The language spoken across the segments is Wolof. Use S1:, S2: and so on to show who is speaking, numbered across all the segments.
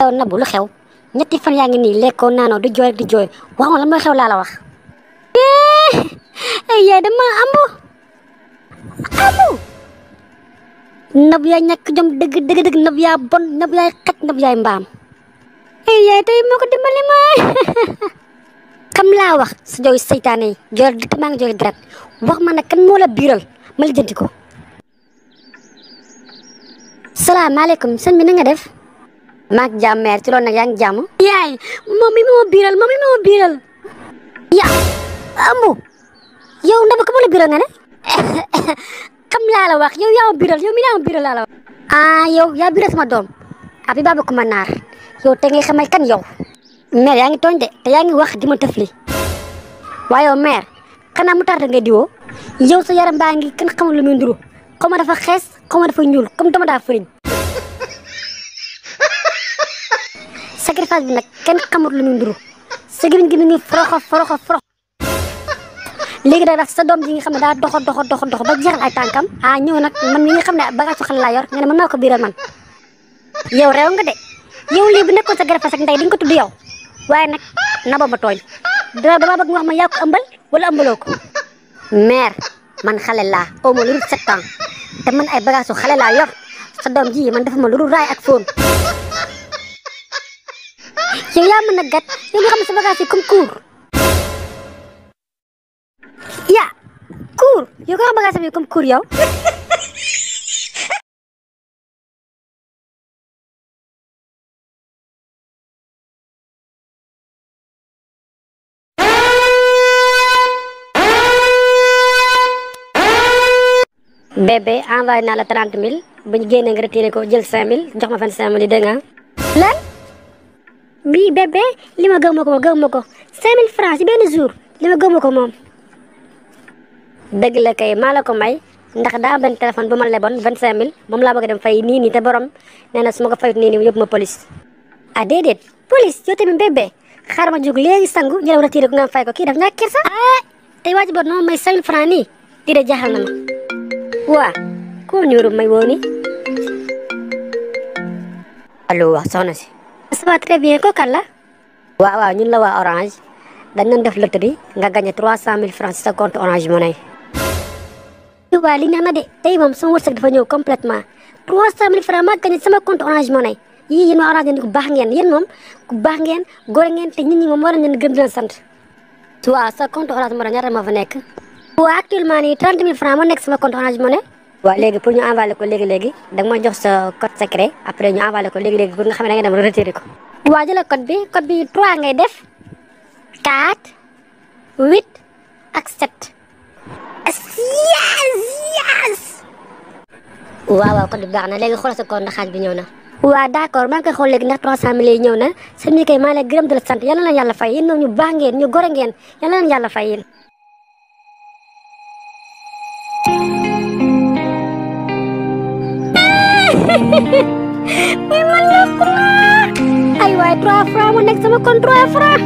S1: yow Nabou lu xew ñetti fan yaa ngi nii lekkoo naanoo di jooy di jooy wax ma lan mooy xew laa la wax. Eh, ay yaay dama am amu Nabou yaay ñàkk jom dëgg dëgg dëgg Nabou yaa bon Nabou yaay xaj Nabou yaay mbaam. ay eh, yaay tey moo ko dimbali ma xam laa wax sa jooy seytaane yi jooy di maa ngi jooy deret wax ma nag kan moo la biiral ma lijjanti ko. salaamaaleykum sëñ bi na nga def. maak jàmm mère ci loolu nag yaa ngi jàmm. yaay mami moo biiral mami moo biiral. yaa ambu yow ndaba ko ma la biiral nga ne. xam laa la wax yow yaa ma biiral yow mi yaa ma biiral laa la wax. ah yow yaa biiral sama doom abi baba ko ma naar yow te ngay xamal kan yow. mère yaa ngi tooñ de yaa ngi wax di ma tëfli. waaye yow mère xanaa mu tardé diwoo. yow sa yaram baa ngi kenn xamul lu muy nduru xaw ma dafa xees xaw ma dafa ñuul comme dama daa fëriñ. message bi nag kenn xamut lu muy nduru sa gémmiñ gi mu foroxo foroxo foroxo léegi nag nag sa doom ji nga xam ne daa doxo doxo doxo doxo ba jeexal ay tànkam ah ñëw nag man mi nga xam ne bagage su xale laa yor nga ne mën naa ko biiral man yow réew nga de yow lii bu nekkoon sa gërëfas ak ndey di nga ko tudd yow waaye nag na ba ma tooñ dama damaa nga wax ma yaa ko ëmbal wala ëmbaloo ko mère man xale laa au moins lu dul sept ans te man ay bagage su laa yor sa doom ji man dafa ma lu dul raay ak fóon yow yaa mën a gat yow nga xam ne sa bagage yi comme cour ya cour yow naa la trente mille bu ñu génnee ko jël cinq mille ma vingt cinq mille bii bébé li ma gëw ma ko gëw ma ko cinq mille francs ci benn jour li ma gëw ko moom. dëgg kay maa la ko may ndax daa am benn téléphone bu ma leboon vingt cinq moom laa bëgg a dem fay nii nii te borom nee na su ma ko fayut nii nii yóbbu ma police. ah déedéet police yow tamit bébé xaaral ma jóg léegi sangu ñu dem retiré ko nga fay ko kii daf ñàkk kersa. ah tey waa ji boor noonu may cinq mille francs nii di jaaxal na ma waa ku numéro may woo si. ça très bien ko kan la. waaw waaw ñun la waa orange dañ doon def loterie nga gagné trois cent mille francs ci sa compte orange money. waaw li ñu na de tey moom sama wërsëg dafa ñëw complètement trois cent mille francs maa gagné sama compte orange money yii yéen waa orange ngeen ku baax ngeen yéen moom ku baax ngeen góor ngeen te nit ñi moom war nañ leen gëm di leen sant. waaw sa compte orange money ñaata moo fa nekk. waaw actuellement nii trente mille francs moo nekk sama compte orange money. waaw léegi pour ñu envoyé ko léegi-léegi da nga jox sa code secret après ñu envoyé ko léegi-léegi pour nga xam ne da nga dem ko waaw jëla code bi code bi 3 ngay def 4 8 ak 7 yes yes waaw waaw code bi baax na léegi xoolal sa code ndax bi ñëw na waaw d'accord maa ngi koy xool léegi ndax 300 mille yi ñëw na sëñ bi kay maa ngi lay gërëm la sant yal na leen yàlla fay yéen ñoom ñu baax ngeen ñu gore ngeen yal na leen yàlla fay yéen may man lépp naa ay waay trois francs mu nekk sama compte trois francs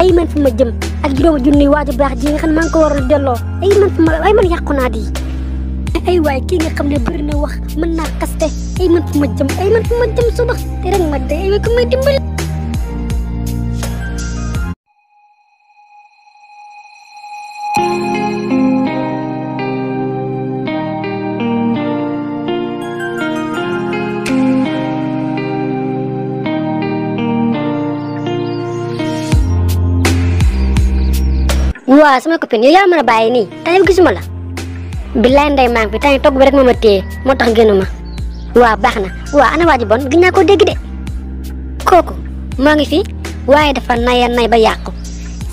S1: ay man fi ma jëm ak juróomi junni waaju baax ji nga xam ne maa ko war delloo ay man fi ma ay man naa di kii nga xam ne bëri na wax mën naa kaste ay man fi ma jëm ay man fi ma jëm suba te ma dee ay waay ko may waaw sama copine yow yaa mën a bàyyi nii tey gisuma la billaay ndey maa ngi fi tey togg bi rek moo ma téye moo tax génnuma waaw baax na waaw ana waa ji bon gis naa koo dégg de kooku moo ngi fi waaye dafa naya nay ba yàqu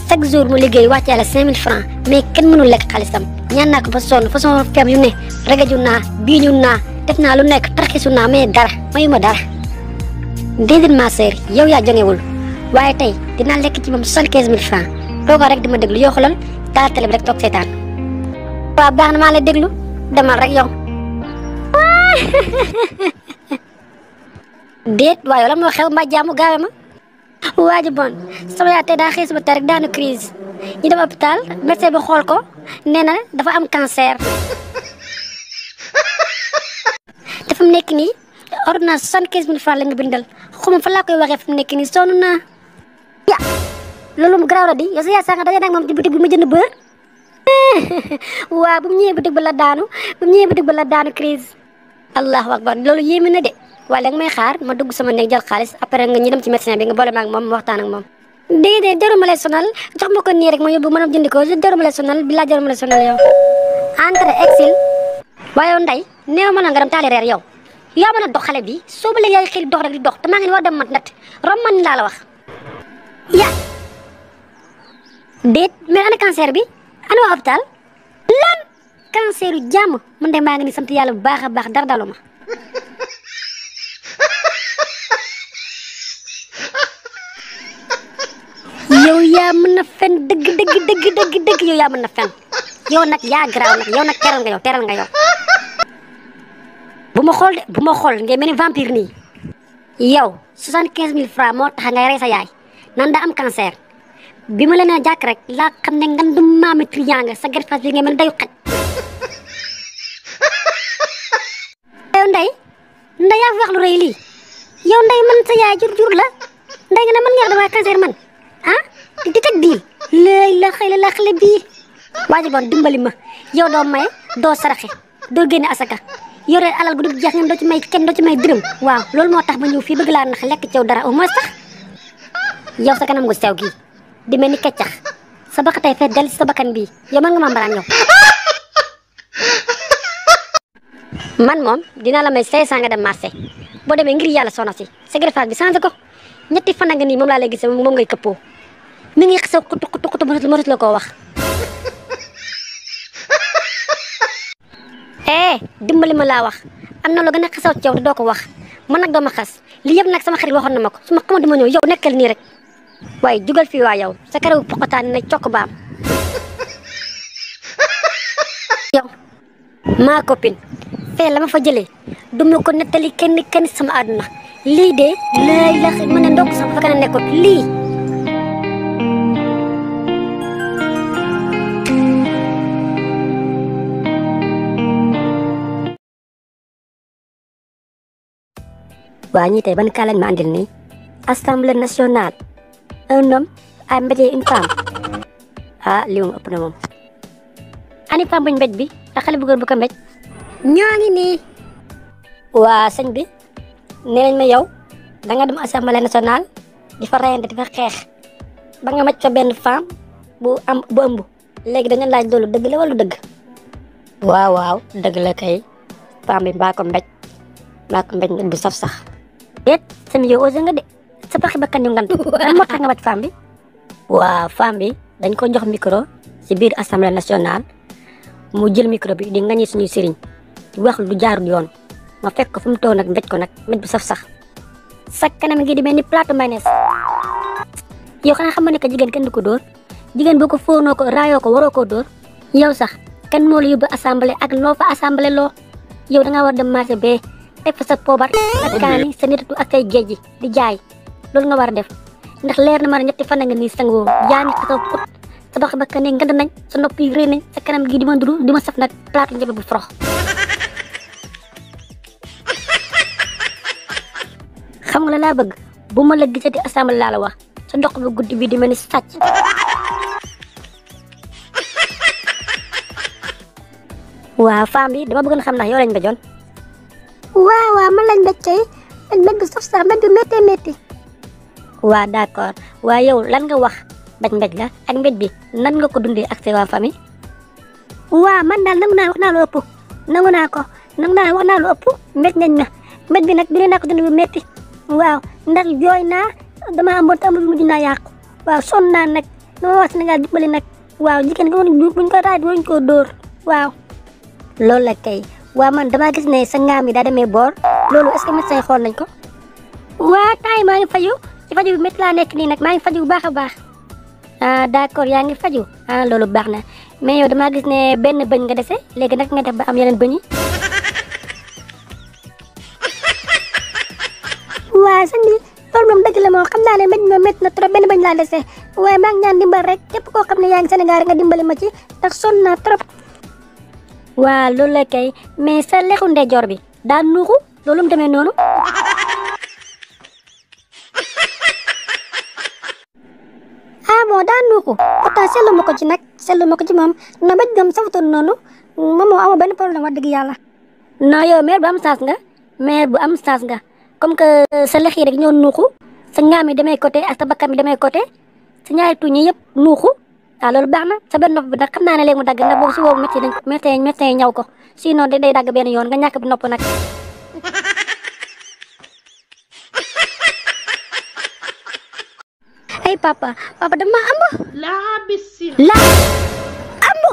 S1: chaque jour mu liggéey wàcce la 5000 francs mais kenn mënul lekk xaalisam ñaan naa ko fa sonn fa sonn fem yu ne regaju naa bii ñu naa def naa lu nekk tarxisu naa mais dara mayu ma dara déedéet ma sœur yow yaa jongewul waaye tey dinaa lekk ci moom 75000 francs toogal rek di ma déglu yoo xoolal taal télé bi rek toog seetaan waaw baax na maa lay déglu demal rek yow. déet waaye lan moo xew mbaa jaamu gaawe ma. waa ji bon sama yaay tey daa daanu crise ñu dem hôpital médecin bi xool ko nee na dafa am cancer. te fi mu nekk nii ordonnance soixante la nga bindal xaw ma fa laa koy waxee fi mu nekk loolu mu garaaw la di yow sa yaay sànq daje nag moom ci boutique bi mu jënd beurre waaw bu mu ñëwee boutique ba la daanu bu mu ñëwee boutique ba la daanu crise allahu akbar loolu yéeme na de waaye danga may xaar ma dugg sama néeg jël xaalis après nga ñu dem ci médecin bi nga boole ma ak moom waxtaan moom déedéet ma lay sonal jox ma ko nii rek ma yóbbu ma dem jëndi ko jarul ma lay sonal bilaa jarul ma lay sonal yow entre exil waaye yow nday néew ma la nga dem taali reer yow yaa mën a dox xale bi soo ba léegi yaay xel dox rek di te maa ngi dem mat nat rom man laa la wax déet mais ana cancer bi ana waa hôpital lan cancer yu jàmm man de maa ngi sant yàlla bu baax a baax dara dalu ma yow yaa fen dëgg dëgg dëgg dëgg dëgg yow yaa mën a fen yow nag yaa garaaw nag nag teral nga yow bu ma xool de bu ma xool ngay mel ni vampire yow soixante quinze mille francs moo tax ngay rey yaay nan am cancer bi ma la nee jàkk rek laa xam ne ngan du maami triant nga sa gerte fas bi nga mel dayu xaj yow nday nday yaa fi wax lu rëy lii yow nday man sa yaay jur jur la nday nga ne man nga wax dama cancer man ah di teg diil lay la xëy la xale bii waajal boon dimbali ma yow doo maye doo saraxe doo génne asaka yore alal bu dul jeex ngeen doo ci may kenn doo ci may dërëm waaw loolu moo tax ma ñu fii bëgg laa nax lekk ci dara au moins sax yow sa kanam gu sew gii di mel ni keccax sa baxatay fee del sa bakkan bii yow mën nga ma mbaraan yow. man moom dinaa la may 500 nga dem marché boo demee ngir yàlla soxna si sa greffage bi changé ko ñetti fan ni nii moom laa lay gis moom ngay këppoo mi ngi xasaw kutu kutu kutu mënatu la koo wax. eh dimbali ma laa wax am na lu gën a xasaw yow te doo ko wax man nag doo ma xas li yëpp nag sama xarit waxoon na ma ko su ma xamoon dama ñëw yow nekkal nii rek. waaye jugal fii waa yow sa karaw poqotaan na cokk baam maa copine fee la ma fa jëlee du ma ko nettali kenn kenn sama lii de laay la mën a ndokk sax fa kana nekkoon lii waa ñii tey ban kaa lañ ma andil nii assemblée nationale un homme a mbéjee une femme ah lii ani femme buñ mbéj bi ak xale bu góor bu ko ngi nii waa sëñ bi nee nañ ma yow danga nga dem assemblée nationale di fa reyante di fa xeex ba maj fa benn femme bu am bu ëmb léegi dañu laaj loolu dëgg la wala dëgg waaw kay femme bi mbaa ko mbéj mbaa ko mbéj bu saf sax déet nga de sa baxi bakkan yu ngant lan moo tax nga wàcc waa femme dañ ko jox micro si biir assemblée nationale mu jël micro bi di ngañi suñuy sëriñ di wax lu jaarul yoon ma fekk ko fu mu toog nag mbéj ko nag mbéj sax saf sax sa kanam ngi di mel ni plateau mayonnaise yow xanaa xam nga ne que jigéen kenn du ko dóor jigéen boo ko fóonoo ko raayoo ko waroo yow sax kan moo la yóbbu ak loo fa assemblée loo yow da ngaa war dem marché bee teg fa sa poobar sa kaani sa nitatu di loolu nga war a def ndax leer na ma ne ñetti nga nii sangoo yaa ngi tasaw put sa dox ba ne ngënd nañ sa nopp yi rëy nañ sa gi di ma dund di ma saf nag bu forox. xam nga la laa bu ma la gisati assemblée laa la wax sa dox bu guddi bi di mel ni sàcc. waaw femme bi dama bëggoon xam ndax yow ba joon waaw waaw man lañ ba cay man mbëgg saf sax mbëgg méttee méttee waa d'accord waaye yow lan nga wax mbéj mbéj la ak mbéj bi nan nga ko dundee ak sa waa famille. waa man daal nangu naa wax naa lu ëpp nangu naa ko nangu naa wax naa lu ëpp mbéj nañ na mbéj bi nag dundee naa ko dund bu métti waaw ndax jooy naa dama amoon te amul mujj naa yàqu waaw sonn naa nag dama wax Sénégal dimbali nag waaw jigéen gi buñ ko raaj buñ ko dóor waaw. loolu la kay waa man damaa gis ne sa ngaam bi daa demee boor loolu est-ce que xool nañ ko. waa taay maa ngi fayu ci faju bi métti laa nekk nii nag maa ngi faju bu baax a baax ah d'accord yaa ngi faju ah loolu baax na mais yow damaa gis ne benn bëñ nga dese léegi nag nga def ba am yeneen bëñ yi. waaw sëñ bi loolu moom xam naa ne métti moom métti na trop benn bëñ laa dese waaye maa ngi ñaan dimbal rek képp koo xam ne yaa ngi Sénégal rek nga dimbali ma ci ndax sonn naa trop. waaw loolu la kay mais sa lexu ndeyjoor bi daa nuuxu loolu mu demee noonu. ah daa daanu ko pourtant seetlu ma ko ci nag seetlu ma ko ci moom non ba gëm safatoon noonu moom moo amoo benn problème wax dëgg yàlla. non yow maire bu am sens nga maire bu am sens nga comme que euh, sa lex yi rek ñoo nuuxu sa ñaam yi demee côté ak sa bakkan bi demee côté sa ñaari tuñ yi yëpp nuuxu a ah, loolu baax na sa benn nopp bi nag xam naa ne léegi mu dagg ndax boobu si boobu médecin yi médecin ñaw ko sinon day dagg benn yoon nga ñàkk bi nopp nag. papa papa dama ëmb. laa bisi. laa ëmb.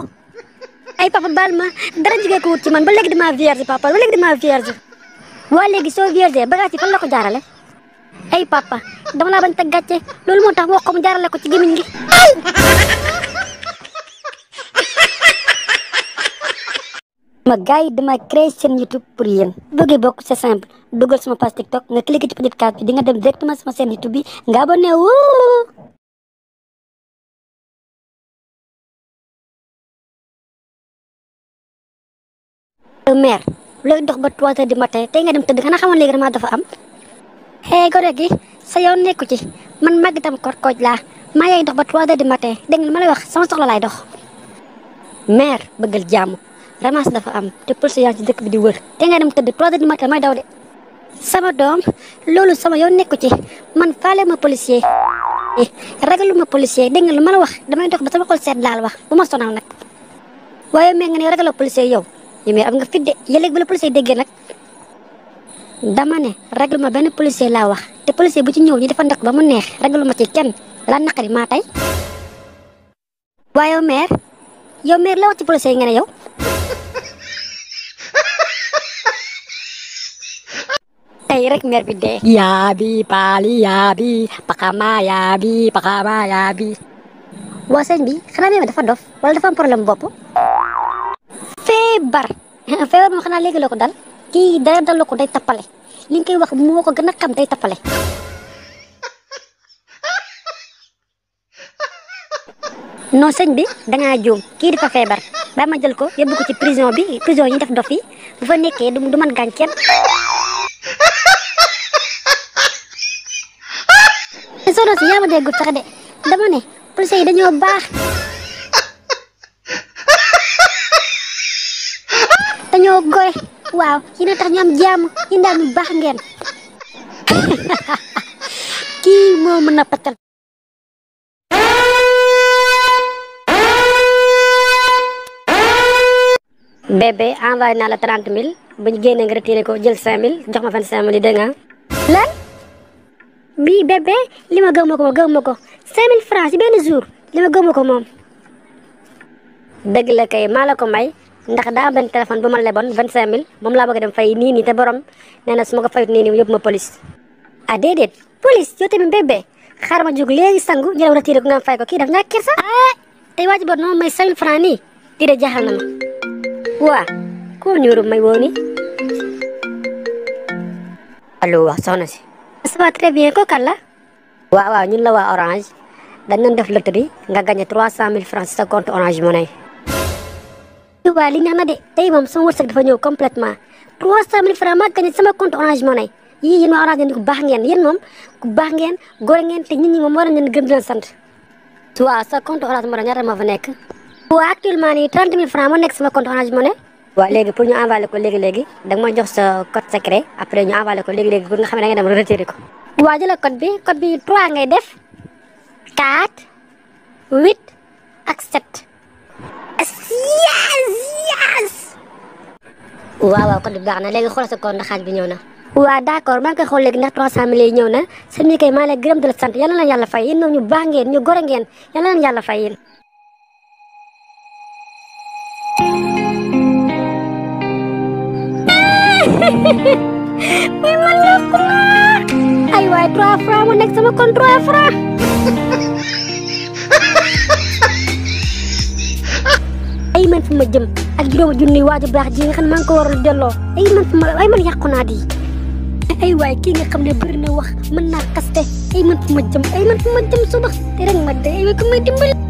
S1: ay papa baal ma dara jigéen ko wut ci man ba léegi damaa vierge papa ba léegi damaa vierge. waa léegi soo vierge bagage yi fan la ko jaarale. ay papa dama laa bañ teg gàcce loolu moo tax wax ko jaarale ko ci gémmiñ ma gars yi dama créer seen YouTube pour yéen bëggee bokk c'est simple dugal sama page TikTok nga cliquer ci petite di nga dem directement sama seen YouTube bi nga abonné wu. mère looy dox ba trois heures du matin tey nga dem tëdd xanaa xamoon léegi damaa dafa am hey gore gi sa yoon nekku ci man màgg tam kor kooj laa maa yaay dox ba trois heures du matin dégg nga ma lay wax sama soxla laay dox mère bëggal jàmm ramasse dafa am te pël yaa dëkk bi di wër nga dem tëdd trois heures du matin may daw de sama doom loolu sama yoon nekku ci man faale ma policier ragalu ma policier dégg nga lu ma la wax damay dox ba sama xol seet laal wax bu ma sonal nag waaye mais nga ne ragaloo policier yow ñu mais am nga fit de yëleeg ba la policier déggee nag dama ne ragalu ma benn policier laa wax te policier bu ci ñëw ñu dafa ndox ba mu neex ragalu ma ci kenn la naqari maa tey waaye yow yow maire la wax ci policier yi yow tey rek mer bi dee. yaabi pakama yaabi pakama yaabi. waa bi xanaa meme dafa dof wala dafa am problème bopp. feebar feebar moom xanaa léegi la ko dal kii dara dal la ko day tappale li nga koy wax gën a day tapale non sëñ bi da ngaa juum kii dafa feebar. ba ma jël ko yóbbu ko ci prison bi prison yi def dof yi bu fa nekkee du mën gaañ kenn soxna si yaa ma déggul sax de dama ne policiers yi dañoo baax dañoo goy waaw yéen a tax ñu am jàmm yéen daal ñu baax ngeen kii moo mën a bébé envoyé naa la 30 000 bu ñu génnee nga retiré ko jël 5 000 jox ma 25 000 yi dégg nga lan bébé li ma gëm ma ko gëm ma ko 5000 francs ci benn jour li ma gëm ma ko moom. dëgg kay maa ko may ndax daa benn téléphone bu ma leboon 25 000 moom laa bëgg a dem fay nii nii te borom nee na su ma ko fayut nii nii yóbbu ma police. ah déedéet police yow tamit bébé xaaral ma jóg léegi sangu ñu dem retiré ko nga fay ko kii daf ñàkk kersa. Ah, Wah, kok nyuruh Maiwo ini? allo waaw soxna si. ça va très bien kooku kan la. waaw waaw ñun la waa orange dañ doon def loterie nga gagné trois cent mille francs sa compte orange money. waaw li neex na de tey moom sama wërsëg dafa ñëw complètement trois cent mille francs maa gagné sama compte orange money yii yéen waa orange ngeen ku baax ngeen yéen moom ku baax ngeen góor ngeen te nit ñi moom war nañ di leen sant. waaw sa compte orange money ñaata moo fa nekk. waa actuellement ni 30 000 francs moo nekk sama compte Orange Money waaw léegi pour ñu envoyé ko léegi-léegi da nga ma jox sa code secret après ñu envoyé ko léegi-léegi pour nga xam ne da nga ko waa jëla code bi bi 3 ngay def 4 8 ak 7 yes yes waaw waaw code bi baax na léegi xoolal sa compte xaaj bi ñëw na waaw d'accord maa ngi koy xool léegi ndax 300 ñëw na sëñ bi kay maa ngi la sant yal na leen yàlla fay yéen ñoom ñu baax ngeen ñu gore ngeen yal na leen yàlla fay yéen trois francs mu nekk sama compte trois francs ay man fu jëm ak juróomi junni waaju baax ji nga xam ne ko war a delloo ay man fu ma ay man naa waay kii nga xam ne bëri wax mën naa kaste ay man fu jëm ay man fu ma jëm suba te rek ma dee ay waay ko may dimbali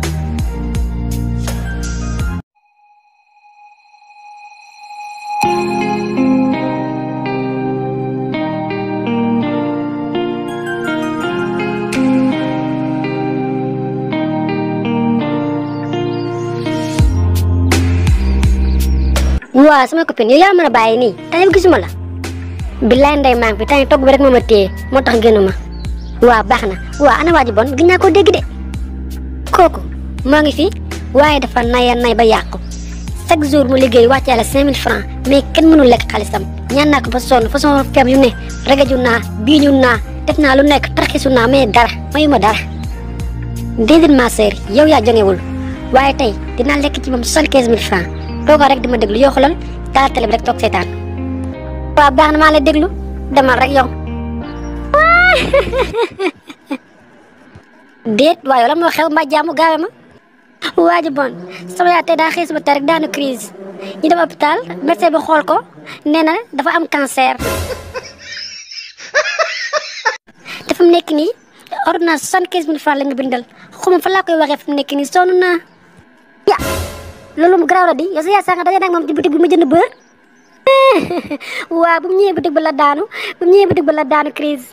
S1: waa sama copine yow yaa mën a bàyyi nii tey yow gisuma la billaay ndey maa ngi tey togg bi rek moo ma téye moo tax génnuma waa baax na waa ana waa ji bon gis naa koo dégg de kooku moo ngi fi waaye dafa naya nay ba yàqu chaque jour mu liggéey wàcce la 5000 francs mais kenn mënul lekk xaalisam ñaan naa ko ba sonn façon fem yu ne regaju naa biiñu naa def naa lu nekk tarxisu naa mais dara mayu ma dara déedéet ma sœur yow yaa jongewul waaye tey dinaa lekk ci moom 75000 francs toogal rek di ma déglu yoo xoolal taal télé bi rek toog seetaan waaw baax na maa lay déglu demal rek yow. déet waaye lan moo xew mbaa jaamu gaawe ma. waa ji bon sama yaay tey daa xëy suba tey daanu crise ñu dem hôpital médecin bi xool ko nee dafa am cancer. te fi mu nekk nii ordonnance soixante la nga bindal xuma fa laa koy waxee fi mu nekk nii loolu mu garaaw la di yow sa yaay sànq dajee nag moom ci boutique bi mu jënd bër waaw bu mu ñëwee boutique ba la daanu bu mu ñëwee boutique ba la daanu crise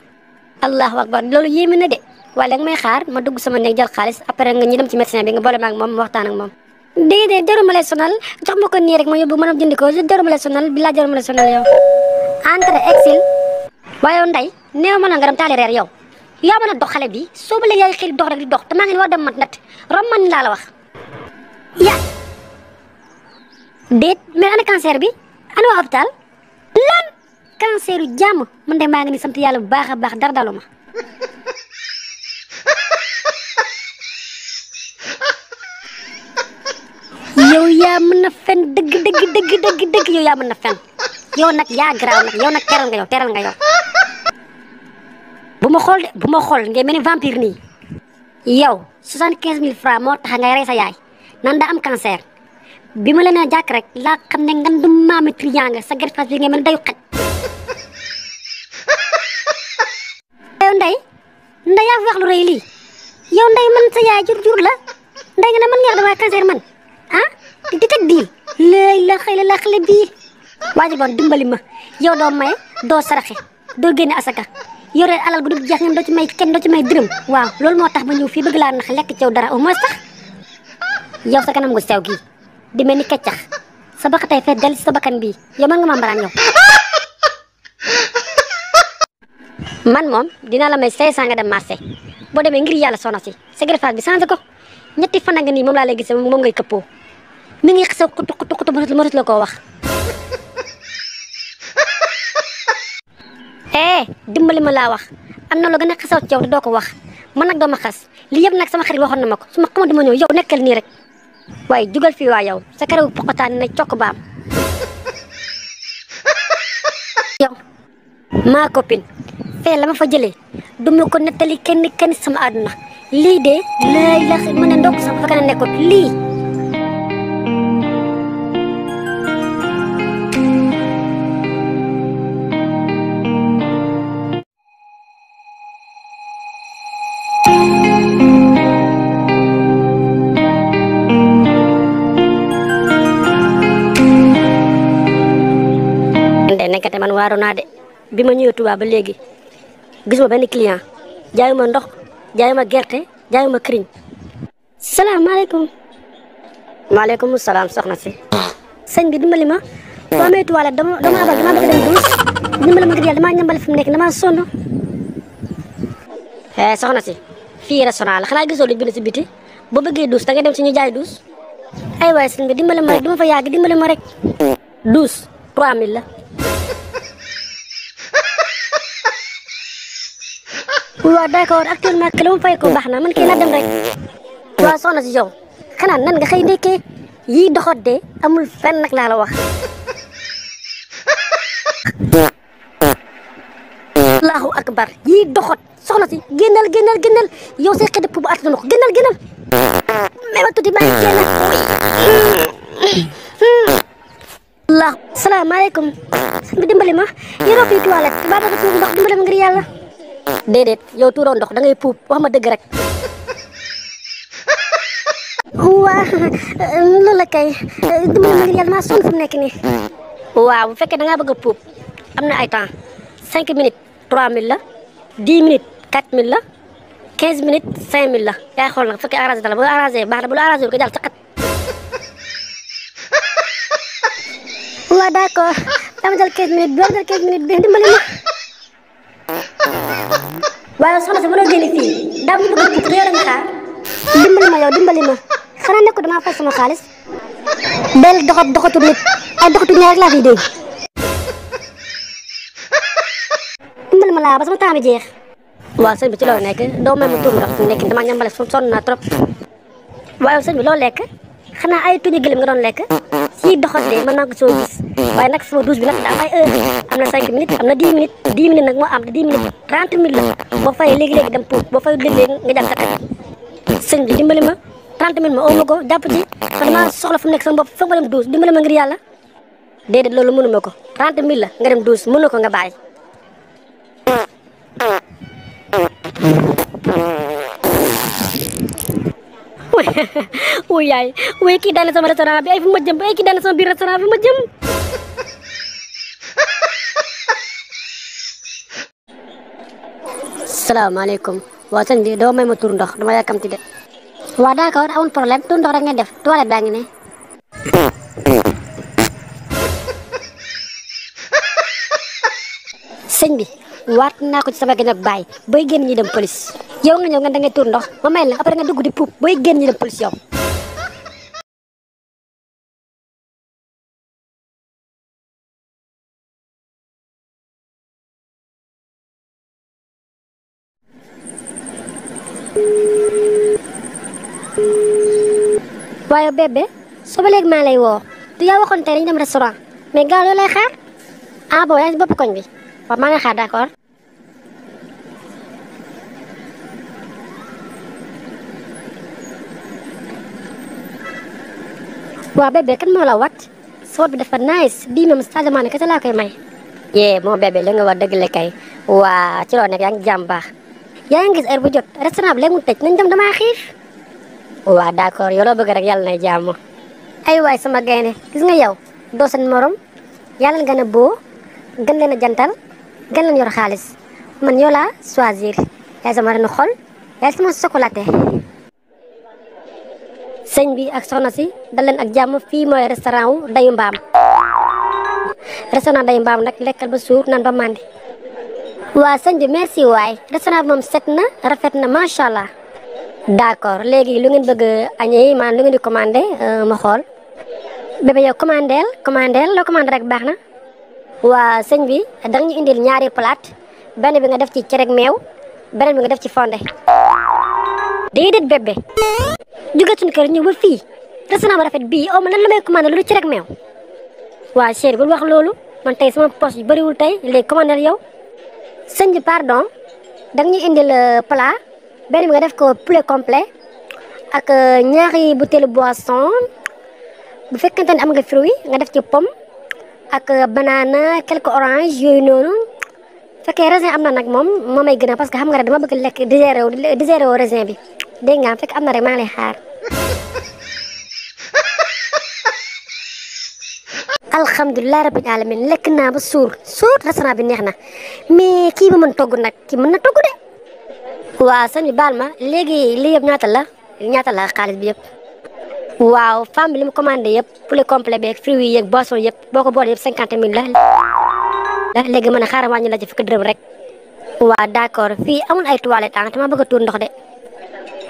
S1: allahu akbar loolu yéeme na de waaye léegi may xaar ma dugg sama néeg jël xaalis après nga ñu dem ci médecin bi nga boole ma ak moom waxtaan ak moom déedéet jaruma lay sonal jox ma ko nii rek ma yóbbu ma jënd ko jaruma lay sonal bi laa jaruma lay sonal yow entre exil waaye nday néew ma na nga dem taali reer yow yaa mën a dox xale bi soo la léegi yaay xel dox rek di dox te maa ngi dem mat nat rom man laa la déet mais ana cancer bi ana waa hôpital lan cancer u jàmm man de maa ngi ni sant yàlla bu baax a baax dara ma yow yaa mën na fen dëgg dëgg dëgg dëgg dëgg yow yaa mën na fen yow nag yaa garaaw nag yow nag teral nga yow bu ma xool de bu ma xool ngay mel ni vampire yow soixante quinze mille francs moo tax ngay rey sa yaay nan am cancer bi ma la nee jàkk rek laa xam ne nga du maami triant nga sa gerte fas bi nga mel dayu xaj. yow nday nday yaa fi wax lu lii yow nday man sa yaay jur jur la nday nga ne man nga wax damaa cancer man ah di teg diil léegi la xëy la xale bii waajal boon dimbali ma yow doo maye doo saraxe doo génne asaka yore alal gu dul jeex ngeen doo ci may kenn doo ci may dërëm waaw loolu moo tax ma ñëw fii bëgg laa nax lekk ci dara au moins sax yow sa kanam gu sew di mel ni keccax sa baqa tey dal si sa bakkan bii yow mën nga ma mbaraan yow man moom dinaa la may cinq cent nga dem marché boo demee ngir yàlla soxna si sacrifice bi changé ko ñetti fan nga nii moom laa lay gis moom ngay këppoo mi ngi xasaw xutu xutu xutu mënut la koo wax eh dimbali ma laa wax am na lu gën a xasaw ci yow te doo ko wax man nag doo ma xas li nag sama xarit waxoon na ma ko su ma xamante ma ñëw yow nekkal nii rek waaye jugal fii waa yow sa karaw poqotaan na cokk baam yow maa copine fee la ma fa jële du ma ko nettali kenn kenn sama àdduna lii de laay la mën a ndokk sama fa kana nekkut lii waaru naa de bi ma ñëwee Touba ba léegi gisuma benn client jaayuma ndox jaayuma gerte jaayuma këriñ. salaamaaleykum. maaleykum salaam soxna si. bi dimbali ma. boo amee toilette dama dama abal dama bëgg dem ma ngir yàlla damaa ñambal fi mu nekk eh, si fii la xanaa gisoo luñ bind si dem si ñu jaay douche. ay waay sëñ bi dimbali ma rek du fa yàgg dimbali ma rek. douche 3000 la. waaw d'accord actuellement que la ma fay ko baax na man kii na dem rek waaw soxna si yow xanaa nan nga xëy ndekkee yii doxat de amul fenn nag laa la wax allahu akbar yii doxat soxna si génnal génnal génnal yow say xëy na pour bu at na ko génnal génnal mais ma tuuti maa ngi génnal allah salaamaaleykum bi dimbali ma yoroo fii toilette baa daga tuur ndox dimbali ma ngir yàlla déedéet yow tuuroo ndox da ngay wax ma dëgg rek. waa loolu la kay dimbali ma ngir maa sonn fu mu bu fekkee da ngaa bëgg a am na ay temps cinq minutes trois mille la dix minutes quatre mille la quinze minutes cinq mille la yaay nag fekkee arrangé dala bu arrangé baax na bu la arrangé wul ko waaye soxna si mënoo génne fii daa mu bëgg a réer a xaar. dimbali ma yow dimbali ma xanaa nekk damaa fay sama xaalis. benn doxat doxatu nit ay doxatu ñaar rek laa fiy dégg. dimbali ma laa ba sama temps bi jeex. waaw sëñ bi ci loolu nekk doo may ma tur ndox mi nekk damaa ñambale sonn naa trop. waaye sëñ bi loo lekk xanaa ay tuñu gëlëm nga doon lekk. si doxat de mën naa ko soo gis. waaye nag sama douche bi nag daa am ay heure am na 5 minutes am na 10 minutes 10 minutes nag moo am te 10 minutes 30 minutes la boo fayee léegi-léegi dem pour boo fayul léegi-léegi nga jàpp takk sëñ bi dimbali ma 30 minutes ma oo ma ko jàpp ci te damaa soxla fu mu nekk sama bopp foog ma dem douche dimbali ma ngir yàlla déedéet loolu mënu ma ko 30 minutes la nga dem douche mënu ko nga bàyyi. wuy yaay wuy kii daane sama restaurant bi ay fu ma jëm ay kii daane sama biir restaurant bi ma jëm salaamaaleykum waa sëñ bi doo may ma tur ndox dama yàkkamti de. waaw d'accord amul problème tur ndox rek ngay def toilette baa ngi ne. sëñ bi waat naa ko ci sama gën ak baay booy génn ñi dem police yow nga ñëw nga da ngay tur ndox ma may la après nga dugg di puub booy génn ñi dem police yow. waaye bébé soo ba léegi la lay woo du yaa waxoon tey dañu dem restaurant mais gaaw loolu lay xaar ah bon yaa ngi si bopp koñ bi waaw maa ngi xaar d'accord. waaw bébé kan moo la wat soo bi dafa nice bii moom Sadio Mané kese laa koy may. yee moom bébé li nga wax dëgg la kay waa ci loo nekk yaa ngi jàmm yaa ngi gis bu jot restaurant bi léegi mu tëj nañ dem damaa waa d'accord yow loo bëgg rek yàlla nay jàmm ay waay sama gaynde gis nga yow doo seen morom yàlla gën a boo gën leen jantal gën leen yor xaalis man yow laa choisir sama ren xol yaay sama sokolaate sëñ bi ak soxna si dal leen ak jàmm fii mooy restaurant wu dayu mbaam restaurant dayu mbaam nag lekkal ba nan ba waa sëñ bi merci waay restaurant bi na rafet na macha d'accord léegi lu ngeen bëgg añee maan lu ngeen di commandé euh, ma xool bébé yow commandeel commandeel loo commandé rek baax na waa sëñ bi da nga ñu ñaari plate benn bi nga def ci cere meew beneen bi nga def ci fonde déedéet bébé jóge suñu kër ñëw ba fii restaurant bu rafet bii aw oh, ma lan la may commandé lu dul cere ak meew waa chéri bul wax loolu man tey sama poche yu bariwul tey léegi commandeel yow sëñ bi pardon da nga ñu indil euh, plat benn bi nga def ko poulet complet ak euh, ñaari butéelu boisson bu fekkente ne am nga fruit nga def ci pomme ak euh, banana quelques orange yooyu noonu fekkee raisin am na nag moom moo may gën a parce que xam nga rek dama bëgg lekk digéré wu digéré wu raisin bi dégg nga fekk am na rek maa ngi lay xaar. alhamdulilah rabbil alamin lekk naa ba suur suur restaurant bi neex na mais kii ba mën togg nag kii mën na waaw sëñ bi baal ma léegi li yëpp ñaata la ñaata la xaalis bi yëpp. waaw femme bi li mu commandé yëpp poulet complet beeg fruits yi yeeg boisson yëpp boo ko boolee yëpp cinquante mille la. léegi man xaaral wàññi la ci fukki dërëm rek. waaw d'accord fii amul ay toilettes ah ta ma a tuur ndox de.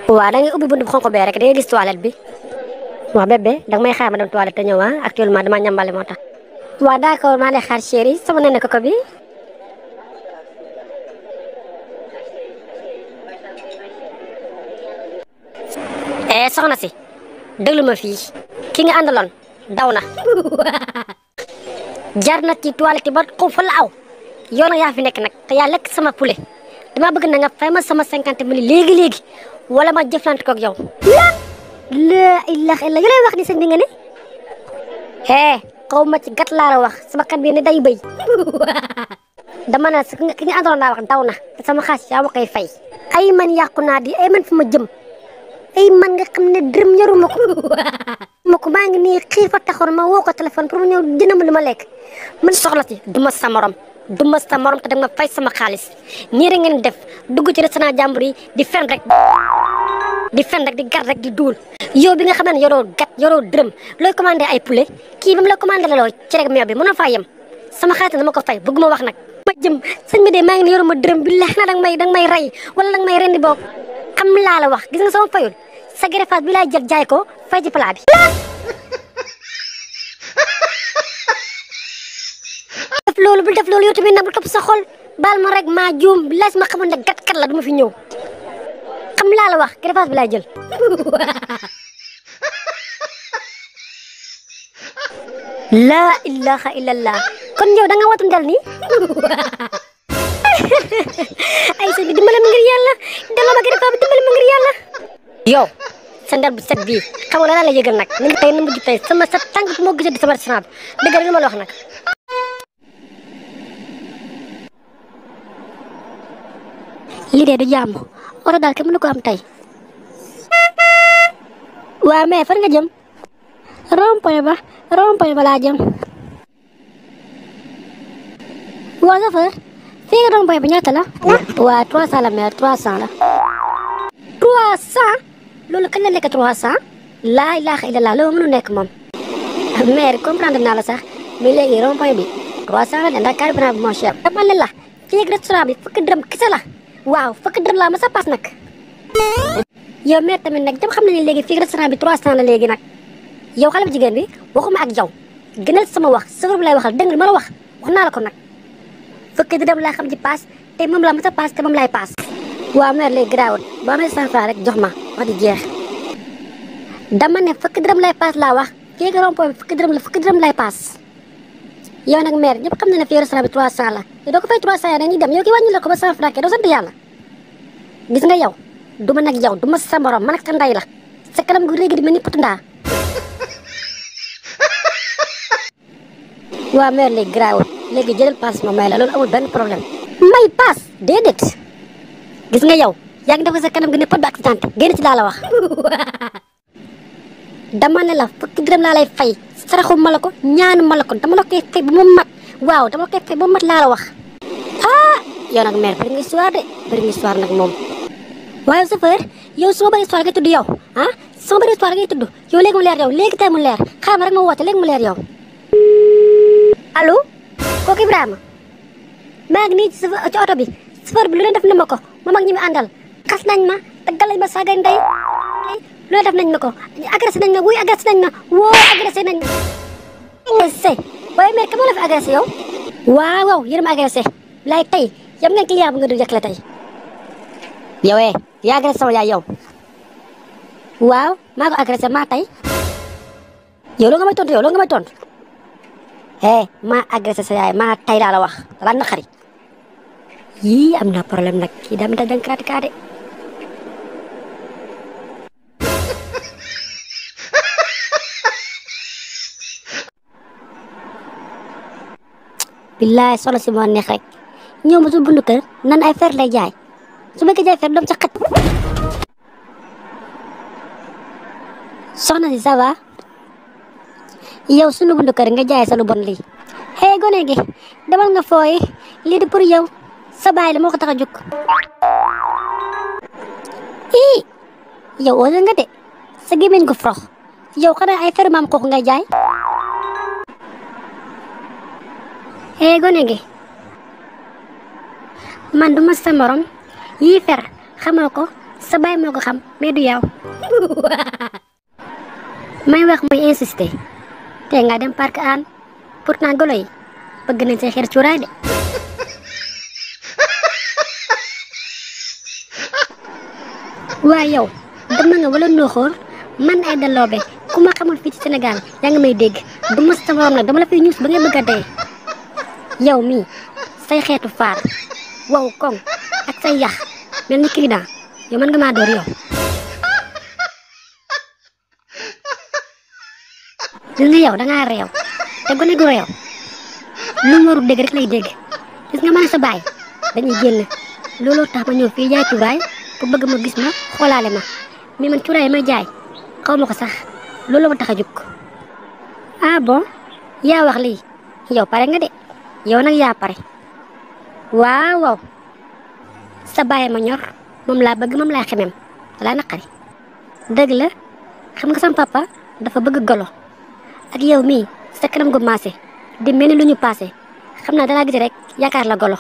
S1: waaw da ngay ubbi bunt bu xonq bee rek da ngay gis bi. waaw bébé da nga may ma dem toilette te ñëw ah actuellement dama ñambale moo tax. waaw d'accord maa lay xaar chéri eh soxna si déglu ma fii ki nga àndaloon daw na jar na ci toilette ba xaw fa aw yow nag yaa fi nekk nag te yaa lekk sama poulet dama bëgg na fay ma sama cinquante mille léegi léegi wala ma jëflante koog yow. la laa ilaaha illa yow eh, ma ci gàtt laa la wax sama kat bi ne dama ne ki nga àndaloon na sama xaas yaa ma koy fay. ay man yàqu naa di ay man fu ma jëm. ay man nga xam ne dërëm ñoruma ko ma ko maa ngi nii xiifa taxoon ma woo ko téléphone pour mu ñëw dina ma lu ma lekk man soxla si du ma sa morom du ma sa morom te da nga fay sama xaalis nii rek ngeen def dugg ci restaurant jàmbur yi di fen rek di fen rek di gar rek di duul yow bi nga xam ne yoroo gat yoroo dërëm looy commandé ay poulet kii bi mu la commandé laloo ci rek meew bi mën na faa yem sama xaalis na ko fay bëgguma wax nag ma jëm sëñ bi de maa ngi ne yoruma dërëm bi laax na danga may danga wala danga may rendi boog am laa la wax gis nga sama fayul sa greffage bi laay jël jaay ko fay ci plat bi. def loolu bu def loolu yow tamit nag bu topp sa xol baal ma rek maa juum laas ma xamoon ne gat kat la du ma fi ñëw xam laa la wax greffage bi laay jël. laa ilaha illallah kon yow da nga watul dal nii. ay sa bi dimbale ma ngir yàlla delloo ma gërëm bi dimbale ma ngir yàlla. yow sa ndar bu set bii xam nga lan la yëgal nag ni nga tey na mujj tey sama sa tànk moo gisee di sama restaurant bi dëgg la ma la wax nag. lii de du jàmm oto daal kenn mënu ko am tey. waa mais fan nga jëm. rond-point ba rond-point ba laa jëm. waa chauffeur fii nga doon boy bi ñaata la. waa 300 la mère 300 la. 300 loolu kañ la nekk 300 laa ilaaha illallah loolu mënu nekk moom. mère comprendre naa la sax mais léegi rond point bi 300 la de ndax carburant bi moo cher. dama ne la fii ak restaurant bi fukki dërëm kese la waaw fukki dërëm laa ma sa paas nag. yow mère tamit nag jam xam na ne léegi fii restaurant bi 300 la léegi nag yow xale bu jigéen bi waxuma ak yow gënal sama wax sa lay waxal dégg nga ma la wax wax ko nag. fukki dërëm laa xam ci paas te moom laa mos a paas te moom laay paas. waaw mère léegi garaawul boo jox ma wax di jeex dama fukki dërëm la paas laa wax kii nga rompo bi fukki dërëm la fukki dërëm lay paas. yow nag mère ñëpp xam na ne fi restaurant bi 300 la te doo ko fay 300 ya dañuy dem yow ki wàññi la gis nga yow du ma nag yow du ma sa morom man ak sa ndey la sa kanam gu réegi di mel ni potu ndaa. waaw mère léegi garaawul. léegi jëlal paas ma may la loolu amul benn problème may paas déedéet gis nga yow yaa ngi def sa kanam gi ne pat du accident génn ci laa la wax dama ne la fukki dërëm laa lay fay saraxu ma la ko ñaan ma la ko dama la koy fay ba mu mat waaw dama la koy fay ba mu mat laa la wax ah yow nag mère bëri nga histoire de bëri nga histoire nag moom waaye chauffeur yow su ma bëri histoire ngay tudd yow ah su ma bëri histoire ngay tudd yow léegi mu leer yow léegi tey mu leer xaaral kooku Ibrahima maa ngi nii ci oto bi chauffeur bi lu ne def na ma ko moom ak ñi mu àndal xas nañ ma daggal nañ ma saaga ndey lu ne def nañ ma ko agressé nañ ma wuy agressé nañ ma woo agressé nañ ma. agressé waaye mère ka ma la fi agressé yow waaw waaw yéen a ma agressé laay tey yam ngeen client bu nga dul jëkkale tey. yow eh yaa agressé sama yaay yow. waaw maa ko agressé maa tey. yow loo nga may tontu yow loo nga may tontu. hee maa agressé sa yaay maa tay laa la wax yii am na problème nag kii dam da dang karatika de billaay solo si moo neex rek ñëw su bundu nan ay fer lay jaay su bëgg jaay fer doom ca xaj si ça yow sunu buntu kër nga jaay sa lu bon lii gone gi demal nga fooyi lii di pour yow sa baay la moo ko tax a jóg. ii yow oose nga de sa gémmiñ gu frox yow xanaa ay fer maam kooku ngay jaay. hey gone gi man du ma sa morom yii fer xamal ko sa baay moo ko xam mais du yaw may wax muy insister. te nga dem parc aan pourtant golo yi bëgg nañ say xeer cuuraay de waa yow dem nga wala nooxóor man ay eh, da loobe ku ma xamul fii ci Sénégal yaa ngi may dégg du sa morom nag dama la fay ñuus ba ngay bëgg a dee eh. yow mii say xeetu faar wow koŋ ak say yax mel ni client yow mën nga maa door yow gis nga yow da ngaa réew te gone gu réew lu mu dégg rek lay dégg gis nga man sa baay dañuy génn looloo tax ma ñëw fii jaay bëgg ma gis ma xoolaale ma mais man cuuraay may jaay xaw ma ko sax loolu la tax a jóg ah bon yaa wax lii yow pare nga de yow nag yaa pare waaw waaw sa ma ñor moom laa bëgg moom laa xemem laa naqari dëgg la xam nga sama dafa bëgg golo ak yow mii sa kanam gu maase di mel ni lu ñu paase xam na dalaa gis rek yaakaar la golo